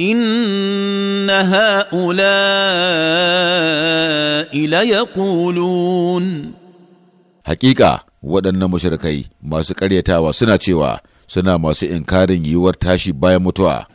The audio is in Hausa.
ان هؤلاء ليقولون Haƙiƙa, waɗannan masharakai masu ƙaryatawa suna cewa suna masu inkarin yiwuwar tashi bayan mutuwa